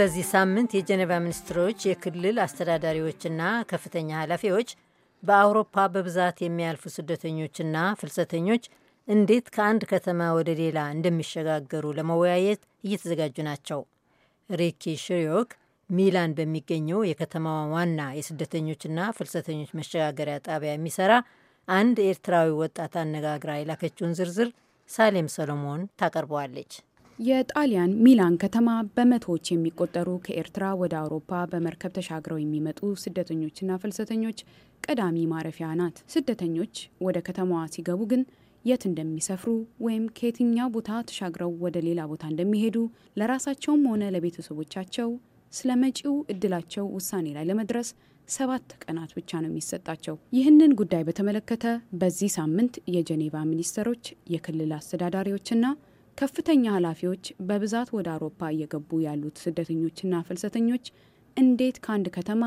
በዚህ ሳምንት የጀኔቫ ሚኒስትሮች የክልል አስተዳዳሪዎችና ከፍተኛ ኃላፊዎች በአውሮፓ በብዛት የሚያልፉ ስደተኞችና ፍልሰተኞች እንዴት ከአንድ ከተማ ወደ ሌላ እንደሚሸጋገሩ ለመወያየት እየተዘጋጁ ናቸው። ሪኪ ሽሪዮክ ሚላን በሚገኘው የከተማዋ ዋና የስደተኞችና ፍልሰተኞች መሸጋገሪያ ጣቢያ የሚሰራ አንድ ኤርትራዊ ወጣት አነጋግራ የላከችውን ዝርዝር ሳሌም ሰሎሞን ታቀርበዋለች። የጣሊያን ሚላን ከተማ በመቶዎች የሚቆጠሩ ከኤርትራ ወደ አውሮፓ በመርከብ ተሻግረው የሚመጡ ስደተኞችና ፍልሰተኞች ቀዳሚ ማረፊያ ናት። ስደተኞች ወደ ከተማዋ ሲገቡ ግን የት እንደሚሰፍሩ ወይም ከየትኛው ቦታ ተሻግረው ወደ ሌላ ቦታ እንደሚሄዱ ለራሳቸውም ሆነ ለቤተሰቦቻቸው ስለ መጪው እድላቸው ውሳኔ ላይ ለመድረስ ሰባት ቀናት ብቻ ነው የሚሰጣቸው። ይህንን ጉዳይ በተመለከተ በዚህ ሳምንት የጀኔቫ ሚኒስትሮች፣ የክልል አስተዳዳሪዎችና ከፍተኛ ኃላፊዎች በብዛት ወደ አውሮፓ እየገቡ ያሉት ስደተኞችና ፍልሰተኞች እንዴት ከአንድ ከተማ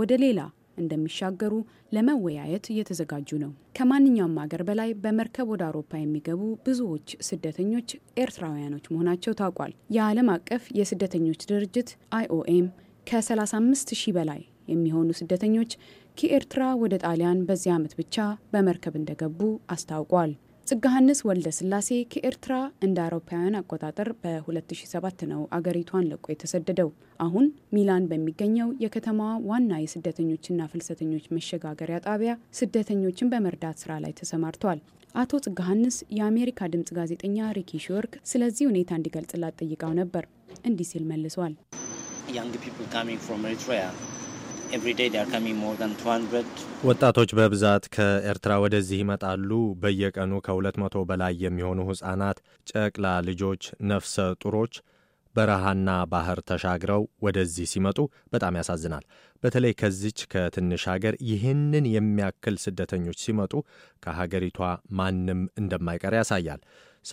ወደ ሌላ እንደሚሻገሩ ለመወያየት እየተዘጋጁ ነው። ከማንኛውም ሀገር በላይ በመርከብ ወደ አውሮፓ የሚገቡ ብዙዎች ስደተኞች ኤርትራውያኖች መሆናቸው ታውቋል። የዓለም አቀፍ የስደተኞች ድርጅት አይኦኤም ከ35 ሺህ በላይ የሚሆኑ ስደተኞች ከኤርትራ ወደ ጣሊያን በዚህ ዓመት ብቻ በመርከብ እንደገቡ አስታውቋል። ጽጋሃንስ ወልደ ስላሴ ከኤርትራ እንደ አውሮፓውያን አቆጣጠር በ2007 ነው አገሪቷን ለቆ የተሰደደው። አሁን ሚላን በሚገኘው የከተማዋ ዋና የስደተኞችና ፍልሰተኞች መሸጋገሪያ ጣቢያ ስደተኞችን በመርዳት ስራ ላይ ተሰማርተዋል። አቶ ጽጋሃንስ የአሜሪካ ድምጽ ጋዜጠኛ ሪኪ ሽወርክ ስለዚህ ሁኔታ እንዲገልጽላት ጠይቃው ነበር። እንዲህ ሲል መልሷል። ወጣቶች በብዛት ከኤርትራ ወደዚህ ይመጣሉ። በየቀኑ ከሁለት መቶ በላይ የሚሆኑ ሕፃናት፣ ጨቅላ ልጆች፣ ነፍሰ ጡሮች በረሃና ባህር ተሻግረው ወደዚህ ሲመጡ በጣም ያሳዝናል። በተለይ ከዚች ከትንሽ ሀገር ይህንን የሚያክል ስደተኞች ሲመጡ ከሀገሪቷ ማንም እንደማይቀር ያሳያል።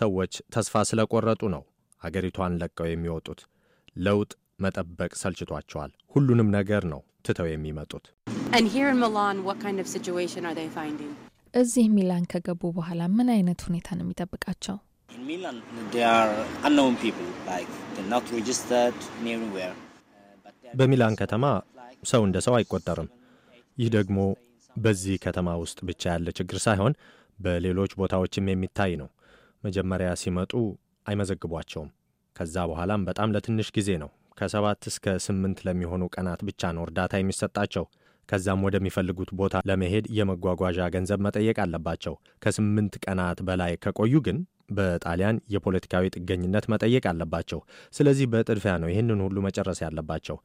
ሰዎች ተስፋ ስለቆረጡ ነው ሀገሪቷን ለቀው የሚወጡት። ለውጥ መጠበቅ ሰልችቷቸዋል። ሁሉንም ነገር ነው ትተው የሚመጡት። እዚህ ሚላን ከገቡ በኋላ ምን አይነት ሁኔታ ነው የሚጠብቃቸው? በሚላን ከተማ ሰው እንደ ሰው አይቆጠርም። ይህ ደግሞ በዚህ ከተማ ውስጥ ብቻ ያለ ችግር ሳይሆን በሌሎች ቦታዎችም የሚታይ ነው። መጀመሪያ ሲመጡ አይመዘግቧቸውም። ከዛ በኋላም በጣም ለትንሽ ጊዜ ነው ከሰባት እስከ ስምንት ለሚሆኑ ቀናት ብቻ ነው እርዳታ የሚሰጣቸው። ከዛም ወደሚፈልጉት ቦታ ለመሄድ የመጓጓዣ ገንዘብ መጠየቅ አለባቸው። ከስምንት ቀናት በላይ ከቆዩ ግን በጣሊያን የፖለቲካዊ ጥገኝነት መጠየቅ አለባቸው። ስለዚህ በጥድፊያ ነው ይህንን ሁሉ መጨረስ ያለባቸው።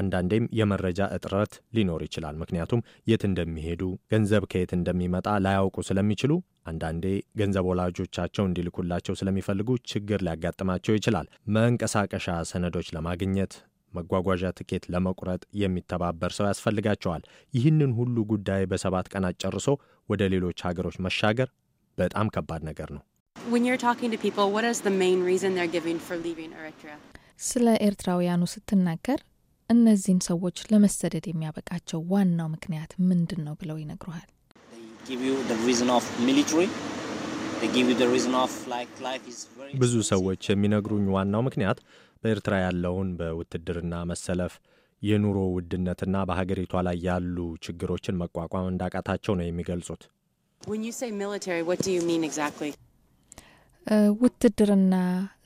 አንዳንዴም የመረጃ እጥረት ሊኖር ይችላል። ምክንያቱም የት እንደሚሄዱ ገንዘብ ከየት እንደሚመጣ ላያውቁ ስለሚችሉ፣ አንዳንዴ ገንዘብ ወላጆቻቸው እንዲልኩላቸው ስለሚፈልጉ ችግር ሊያጋጥማቸው ይችላል። መንቀሳቀሻ ሰነዶች ለማግኘት መጓጓዣ ትኬት ለመቁረጥ የሚተባበር ሰው ያስፈልጋቸዋል። ይህንን ሁሉ ጉዳይ በሰባት ቀናት ጨርሶ ወደ ሌሎች ሀገሮች መሻገር በጣም ከባድ ነገር ነው። when you're talking to people, what is the main reason they're giving for leaving Eritrea? ስለ ኤርትራውያኑ ስትናገር እነዚህን ሰዎች ለመሰደድ የሚያበቃቸው ዋናው ምክንያት ምንድን ነው ብለው ይነግሩሃል። ብዙ ሰዎች የሚነግሩኝ ዋናው ምክንያት በኤርትራ ያለውን በውትድርና መሰለፍ፣ የኑሮ ውድነትና በሀገሪቷ ላይ ያሉ ችግሮችን መቋቋም እንዳቃታቸው ነው የሚገልጹት። ውትድርና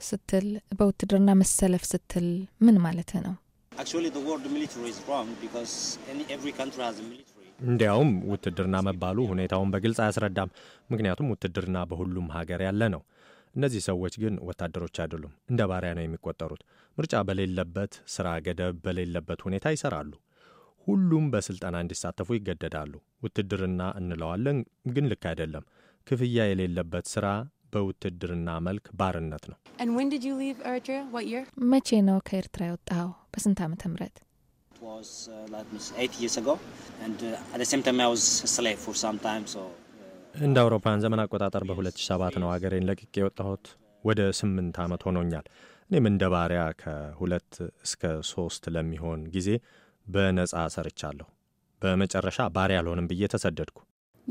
ስትል በውትድርና መሰለፍ ስትል ምን ማለት ነው? እንዲያውም ውትድርና መባሉ ሁኔታውን በግልጽ አያስረዳም። ምክንያቱም ውትድርና በሁሉም ሀገር ያለ ነው። እነዚህ ሰዎች ግን ወታደሮች አይደሉም፣ እንደ ባሪያ ነው የሚቆጠሩት። ምርጫ በሌለበት፣ ስራ ገደብ በሌለበት ሁኔታ ይሰራሉ። ሁሉም በስልጠና እንዲሳተፉ ይገደዳሉ። ውትድርና እንለዋለን፣ ግን ልክ አይደለም። ክፍያ የሌለበት ስራ በውትድርና መልክ ባርነት ነው። መቼ ነው ከኤርትራ የወጣኸው? በስንት ዓመተ ምህረት? እንደ አውሮፓውያን ዘመን አቆጣጠር በ2007 ነው አገሬን ለቅቄ የወጣሁት። ወደ ስምንት ዓመት ሆኖኛል። እኔም እንደ ባሪያ ከሁለት እስከ ሶስት ለሚሆን ጊዜ በነጻ ሰርቻለሁ። በመጨረሻ ባሪያ አልሆንም ብዬ ተሰደድኩ።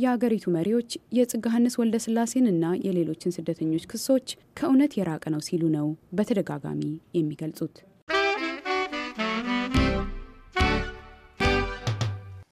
የአገሪቱ መሪዎች የጽጋህንስ ወልደስላሴንና የሌሎችን ስደተኞች ክሶች ከእውነት የራቀ ነው ሲሉ ነው በተደጋጋሚ የሚገልጹት።